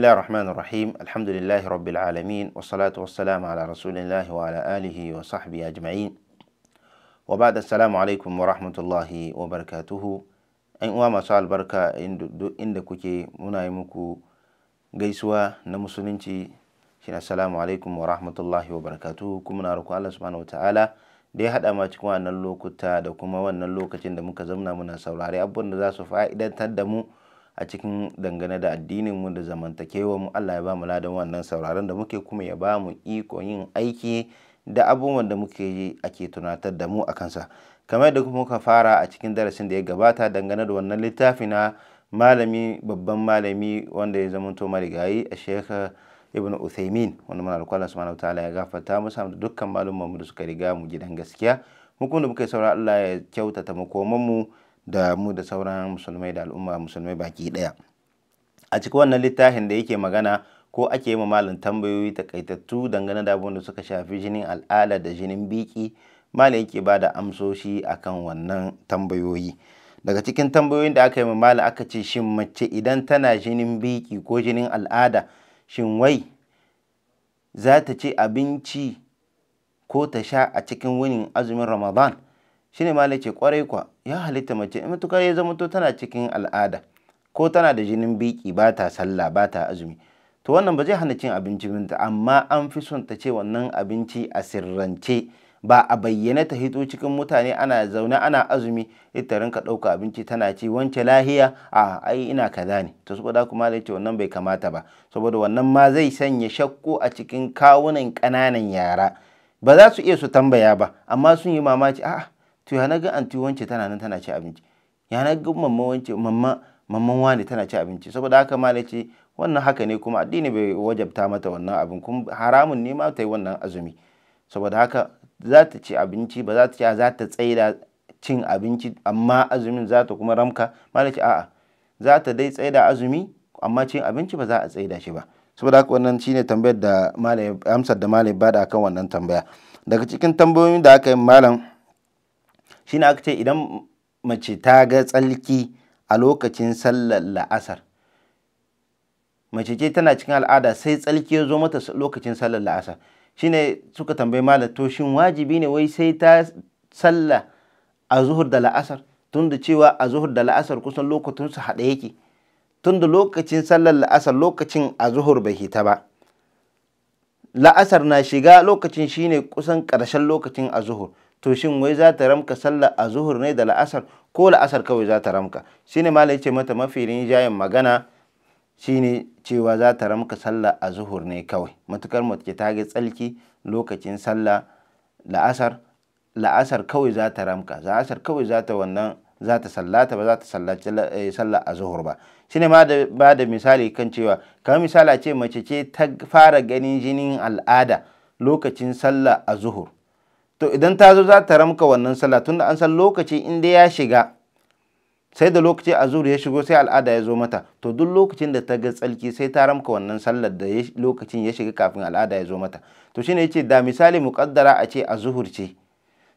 الله الرحمن الرحيم الحمد لله رب العالمين والصلاة والسلام على رسول الله وعلى آله وصحبه أجمعين وبعد السلام عليكم ورحمة الله وبركاته أن أمام صال بركة إن دكوكي منايمكو غيسوا نمسلنتي شين السلام عليكم ورحمة الله وبركاته كم نارك الله سبحانه وتعالى دي حد أما تكوان اللوكو تا دوكما وان اللوكة تندمو كزمنا منا سولاري أبو نزاسو فائدة تندمو a cikin dangane da addinin mu da mu Allah ya ba mu ladan wannan sauraron da muke kuma ya ba mu iko yin aiki da abubuwan da muke yi ake tunatar da mu a kansa kamar da kuma muka fara a cikin darasin da ya gabata dangane da wannan littafi na malami babban malami wanda ya zamanto marigayi a shekha ibn uthaymin wanda muna roƙon Allah subhanahu wataala ya gafarta mu da dukkan malumman mu da suka riga mu gidan gaskiya mu kuma da muka saura Allah ya kyautata makoman mu da mu da sauran musulmai da al'umma musulmai baki ɗaya a cikin wannan littafin da yake magana ko ake yi malam tambayoyi takaitattu dangane da abin da suka shafi jinin al'ada da jinin biki malin yake ba da amsoshi akan wannan tambayoyi daga cikin tambayoyin da aka yi malam aka ce shin mace idan tana jinin biki ko jinin al'ada shin wai za ta ci abinci ko ta sha a cikin wunin azumin ramadan Shin ma ce kwarai kwa ya halitta mace matukar ya zama to tana cikin al'ada ko tana da jinin biki ba ta sallah ba ta azumi to wannan ba zai hana cin abinci binta amma an fi son ta ce wannan abinci a sirrance ba a bayyane ta hito cikin mutane ana zaune ana azumi ita rinka ɗauka abinci tana ci wance lahiya a ai ina kaza ne to saboda kuma da ce wannan bai kamata ba saboda wannan ma zai sanya shakku a cikin kawunan ƙananan yara ba za su iya su tambaya ba amma sun yi mamaci a'a to ya naga anti wance tana nan tana ci abinci ya naga mamma wance mamma mamman wani tana ci abinci saboda haka malai ce wannan haka ne kuma addini bai wajabta mata wannan abin kun haramun ne ma ta yi wannan azumi saboda haka za ta ci abinci ba za ta ci za ta tsaida cin abinci amma azumin za ta kuma ramka malai ce a'a za ta dai tsaida azumi amma cin abinci ba za a tsaida shi ba saboda haka wannan shine tambayar da malai amsar da malai bada akan wannan tambaya daga cikin tambayoyin da aka yi malam shine aka ce idan mace ta ga tsalki a lokacin sallar la'asar mace ce tana cikin al'ada sai tsalki ya zo mata lokacin sallar la'asar Shi ne suka tambayi malato to shin wajibi ne wai sai ta salla a zuhur da la'asar tun da cewa a zuhur da la'asar kusan lokacin su haɗa yake tun da lokacin sallar la'asar lokacin a zuhur bai hita ba la'asar na shiga lokacin shine kusan ƙarshen lokacin a zuhur to shin wai za ta ramka sallar a zuhur ne da la'asar ko la'asar kawai za ta ramka ne ma ce mata mafi rinjayen magana shi ne cewa za ta ramka sallar a zuhur ne kawai matukar mace ta ga tsalki lokacin sallah la'asar la'asar kawai za ta ramka la'asar kawai za ta wannan za ta sallata ba za ta sallaci eh, sallar a zuhur ba shi ne da ba da misali kan cewa kamar misali ce mace ce ta fara ganin jinin al'ada lokacin sallah a zuhur to idan ta zo za ta ramka wannan sallah tunda an san lokaci inda ya shiga sai da lokaci a ya shigo sai al'ada ya zo mata to duk lokacin da ta ga tsalki sai ta ramka wannan sallar da lokacin ya shiga kafin al'ada ya zo mata to shine yace da misali muqaddara a ce a zuhur ce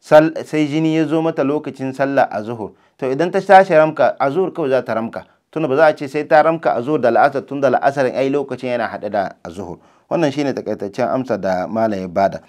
sai jini ya zo mata lokacin sallah a zuhur to idan ta tashi ramka a zuhur kawai za ta ramka tunda ba za a ce sai ta ramka a zuhur da la'asar tunda la'asarin ai lokacin yana haɗe da a zuhur wannan shine takaitaccen amsa da malam ya bada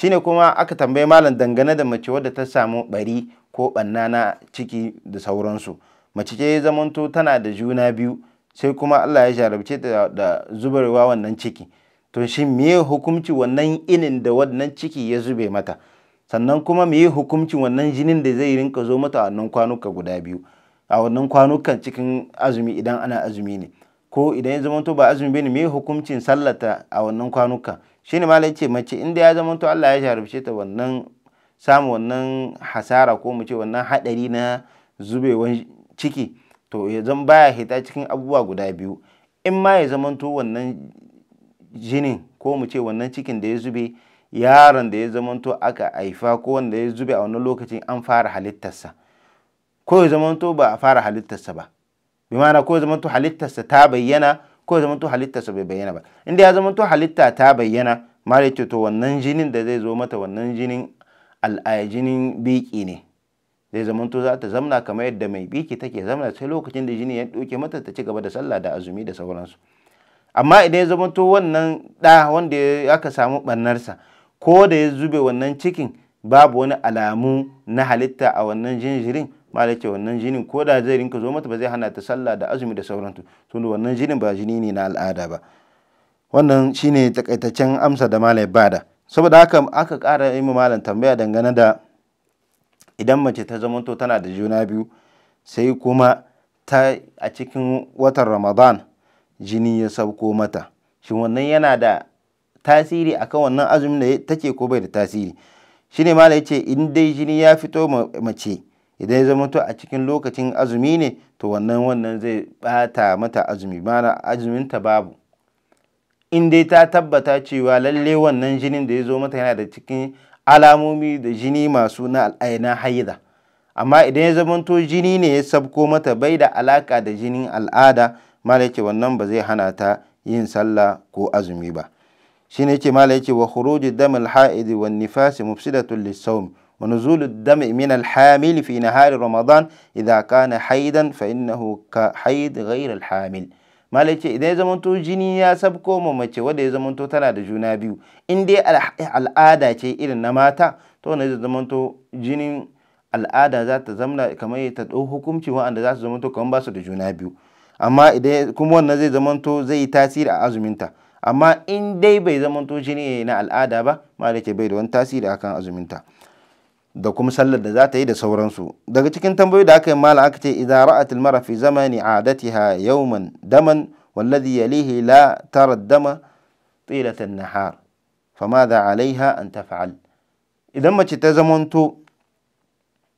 shine kuma aka tambayi malam dangane da mace wadda ta samu bari ko banna na ciki da sauransu mace ce ya zamanto tana da juna biyu sai kuma Allah ya jarabce ta da zubarwa wannan ciki to shin me hukunci wannan inin da wannan ciki ya zube mata sannan kuma me hukunci wannan jinin da zai rinka zo mata a wannan kwanuka guda biyu a wannan kwanukan cikin azumi idan ana azumi ne ko idan ya zamanto ba azumi bane me hukuncin sallata a wannan kwanuka shine malai ce mace inda ya zamanto Allah ya jarabce ta wannan samu wannan hasara ko mu ce wannan hadari na zubewan ciki to ya zan baya hita cikin abubuwa guda biyu in ma ya zamanto wannan jinin ko mu ce wannan cikin da ya zube yaron da ya zamanto aka haifa ko wanda ya zube a wannan lokacin an fara halittarsa ko ya zamanto ba a fara halittarsa ba bi ma'ana ko zama to halittarsa ta bayyana ko zama to halittarsa bai bayyana ba inda ya zama halitta ta bayyana mare ce to wannan jinin da zai zo mata wannan jinin al'ajinin biki ne zai zama za ta zamna kamar yadda mai biki take zamna sai lokacin da jini ya doke mata ta ci gaba da sallah da azumi da sauransu amma idan ya zama wannan ɗa wanda aka samu ɓannarsa ko da ya zube wannan cikin babu wani alamu na halitta a wannan jinjirin malai ce wannan jinin ko da zai rinka zo mata ba zai hana ta sallah da azumi da sauransu tun wannan jinin ba jini ne na al'ada ba wannan shine takaitaccen amsa da ya bada saboda haka aka ƙara yi malam tambaya dangane da idan mace ta zamanto tana da juna biyu sai kuma ta a cikin watan ramadan jini ya sauko mata shi wannan yana da tasiri akan wannan azumin da take ko bai da tasiri shine malai ce in dai jini ya fito mace idan ya zama to a cikin lokacin azumi ne to wannan wannan zai bata mata azumi mana azuminta babu in dai ta tabbata cewa lalle wannan jinin da ya zo mata yana da cikin alamomi da jini masu na al'aina haida amma idan ya zamanto jini ne ya sabko mata bai da alaka da jinin al'ada malaki wannan ba zai hana ta yin sallah ko azumi ba shine yake malaki wa khuruj damil ha'idi wan nifasi mufsidatun lisawm ونزول الدم من الحامل في نهار رمضان إذا كان حيدا فإنه كحيد غير الحامل malai ce idan ya zamanto jini ya sabko ma mace wadda ya zamanto tana da juna biyu inda dai al'ada ce irin na mata to ne zai zamanto jinin al'ada za ta zamna kamar ta ɗau hukunci wa'anda za su zamanto kamar ba da juna biyu amma idan kuma wannan zai zamanto zai tasiri a azuminta amma in dai bai zamanto jini na al'ada ba malai bai da wani tasiri akan azuminta da kuma sallar da za ta yi da sauransu daga cikin tambayoyi da aka yi mala aka ce idan ra'at mara fi zamani adatiha yawman daman والذي يليه لا ترى الدم طيلة النهار فماذا عليها idan mace ta zamanto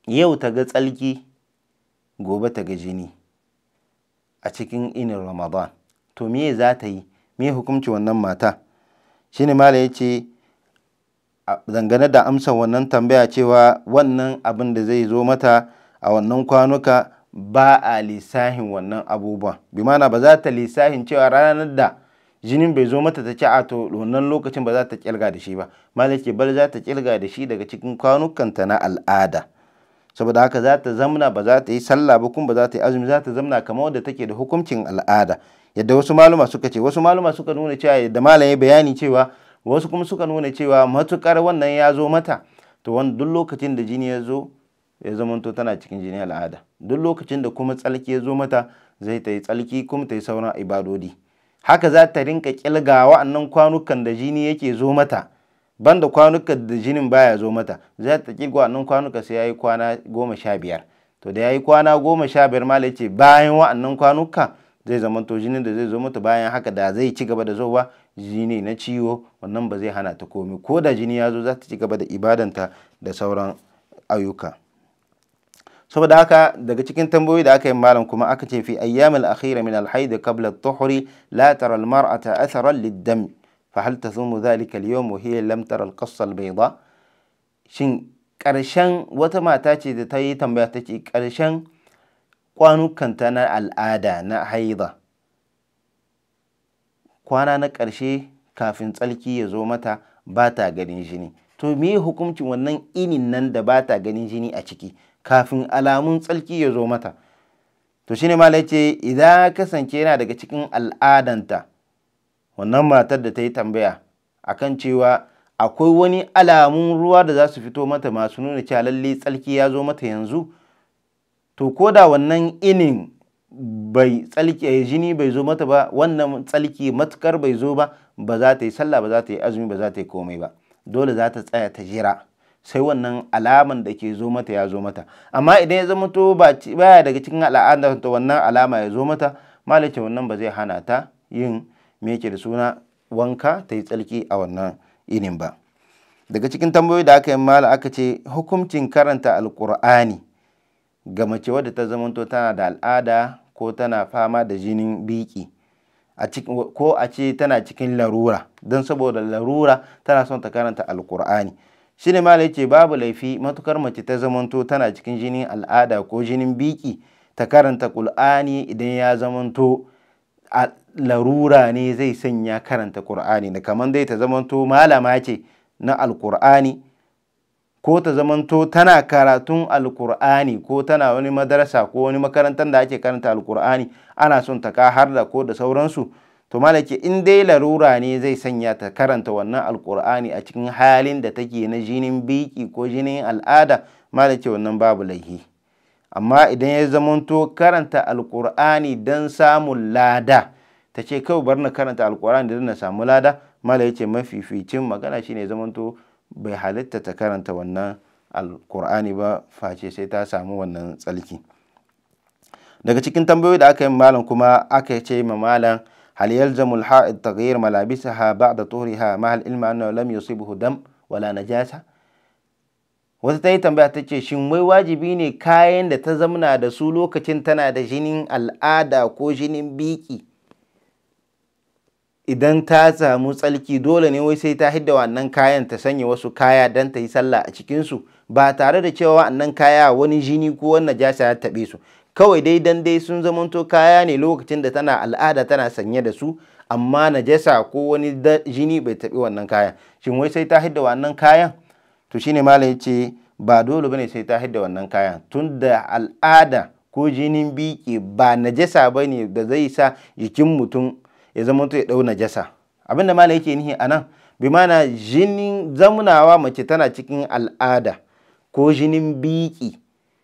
yau ta ga tsalki gobe ta ga jini a cikin inin ramadan to me za ta yi me hukunci wannan mata shine mala ya ce dangane da amsa wannan tambaya cewa wannan abin da zai zo mata a wannan kwanuka ba a lissahin wannan abubuwan bi mana ba za ta lissahin cewa ranar da jinin bai zo mata ta ci a to wannan lokacin ba za ta kirga da shi ba malaki bar za ta kirga da shi daga cikin kwanukanta na al'ada saboda haka za ta zamna ba za ta yi sallah ba kuma ba za ta yi azumi za ta zamna kamar wadda take da hukuncin al'ada yadda wasu maluma suka ce wasu maluma suka nuna cewa yadda malam ya bayani cewa wasu kuma suka nuna cewa matukar wannan ya zo mata to wani duk lokacin da jini ya zo ya zamanto tana cikin jini al'ada duk lokacin da kuma tsalki ya zo mata zai ta yi tsalki kuma ta yi sauran ibadodi haka za ta rinka kilga wa'annan kwanukan da jini yake zo mata banda kwanukan da jinin baya zo mata za ta kilga wa'annan kwanuka sai ya yi kwana goma sha biyar to da ya yi kwana goma sha biyar ma ce bayan wa'annan kwanuka zai zamanto jinin da zai zo mata bayan haka da zai ci gaba da ba. jini na ciwo wannan ba zai hana ta komai ko da jini ya zo za ta ci gaba da ibadanta da sauran ayyuka saboda haka daga cikin tambayoyi da aka yi malam kuma aka ce fi ayyamil akhira min alhaid qabla tuhri la tara almar'ata marata atharan lid fa hal tazumu dhalika alyawm wa hiya lam tara alqassa albayda shin karshen wata mata ce da ta yi tambaya ta ce karshen kwanukanta na al'ada na haida kwana na ƙarshe kafin tsarki ya zo mata ba ta ganin jini to me hukuncin wannan inin nan da ba ta ganin jini a ciki kafin alamun tsarki ya zo mata to shine ma ce idan kasance yana daga cikin al'adanta wannan matar da ta yi tambaya akan cewa akwai wani alamun ruwa da za su fito mata masu nuna cewa lalle tsarki ya zo mata yanzu to ko da wannan inin bai tsalki jini bai zo mata ba wannan tsalki matukar bai zo ba ba za ta yi sallah ba za ta yi azumi ba za ta yi komai ba dole za ta tsaya ta jira sai wannan alaman da ke zo mata ya zo mata amma idan ya zama to baya daga cikin al'adar ta wannan alama ya zo mata malace wannan ba zai hana ta yin me da suna wanka ta yi tsalki a wannan inin ba daga cikin tambayoyi da aka yi mala aka ce hukuncin karanta alkur'ani ga mace wadda ta zamanto tana da al'ada ko tana fama da jinin biki ko a ce tana cikin larura don saboda larura tana son ta karanta alkur'ani shi ne mala ce babu laifi matukar mace ta zamanto tana cikin jinin al'ada ko jinin biki ta karanta kul'ani idan ya zamanto a larura ne zai sanya karanta ƙur'ani da kamar dai ta zamanto malama ce na alkur'ani ko ta zamanto tana karatun alkur'ani ko tana wani madarasa ko wani makarantar da ake karanta alkur'ani ana son ta ka har da ko da sauransu to malaki in dai larura ne zai sanya ta karanta wannan alkur'ani a cikin halin da take na jinin biki ko jinin al'ada malaki wannan babu laihi amma idan ya zamanto karanta alkur'ani don samun lada ta ce kawai bar na karanta alkur'ani don na samu lada malaki mafificin magana shine zamanto bai halitta ta karanta wannan alkur'ani ba face sai ta samu wannan tsalki daga cikin tambayoyi da aka yi malam kuma aka ce ma malam hal yalzamu al-ha'id taghyir malabisaha ba'da tuhriha ma hal ilma annahu lam yusibuhu dam wala najasa wata ta yi tambaya ta ce shin wai wajibi ne kayan da ta zamana da su lokacin tana da jinin al'ada ko jinin biki idan ta samu tsalki dole ne wai sai ta hidda wannan kayan ta sanya wasu kaya don ta yi sallah a cikinsu ba tare da cewa wannan kaya wani jini ko wani jasa ya taɓe su kawai dai dan dai sun zamanto kaya ne lokacin da tana al'ada tana sanye da su amma najasa ko wani jini bai taɓi wannan kayan shin wai sai ta hidda wannan kayan to shine malam ya ce ba dole bane sai ta hidda wannan kayan tun da al'ada ko jinin biki ba najasa bane da zai sa jikin mutum ya zama ya ɗau najasa abin da malam yake nihi nan, bi mana jinin zamunawa mace tana cikin al'ada ko jinin biki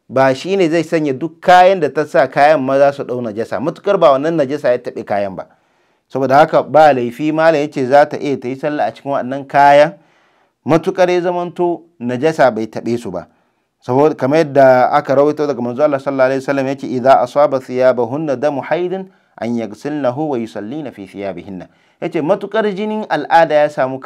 ba shi ne zai sanya duk kayan da ta sa kayan maza su ɗau najasa matukar ba wannan najasa ya taɓe kayan ba saboda haka ba laifi malam yace za ta iya ta yi sallah a cikin wannan kayan matukar ya zamanto najasa bai taɓe su ba saboda kamar yadda aka rawaito daga manzo Allah sallallahu alaihi wasallam yace idza asaba thiyabahunna damu haidin an yi yagsilnahu wa bihin fi ya ce matukar jinin al'ada ya samu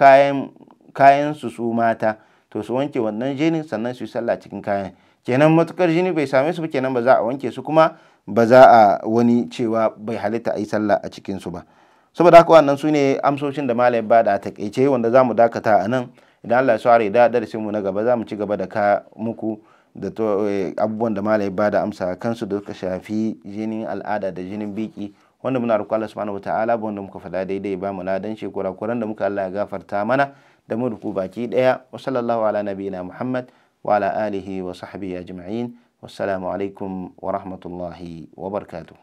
kayan su su mata to su wanke wannan jinin sannan su yi sallah cikin kayan kenan matukar jini bai same su ba kenan ba za a wanke su kuma ba za a wani cewa bai halitta a yi sallah a cikin su ba saboda haka wannan su ne amsoshin da malam ba da taƙaice wanda za mu dakata a nan idan Allah ya so da darasin mu na gaba za mu ci gaba da ka muku da to abubuwan da malai ba da amsa kansu da suka shafi jinin al'ada da jinin biki wanda muna roƙo Allah subhanahu wataala ba wanda muka faɗa daidai ba mu ladan shi kurakuran da muka Allah ya gafarta mana da mu ruku baki daya wa sallallahu ala nabiyina Muhammad wa ala alihi wa sahbihi ajma'in wassalamu alaikum wa rahmatullahi wa barakatuh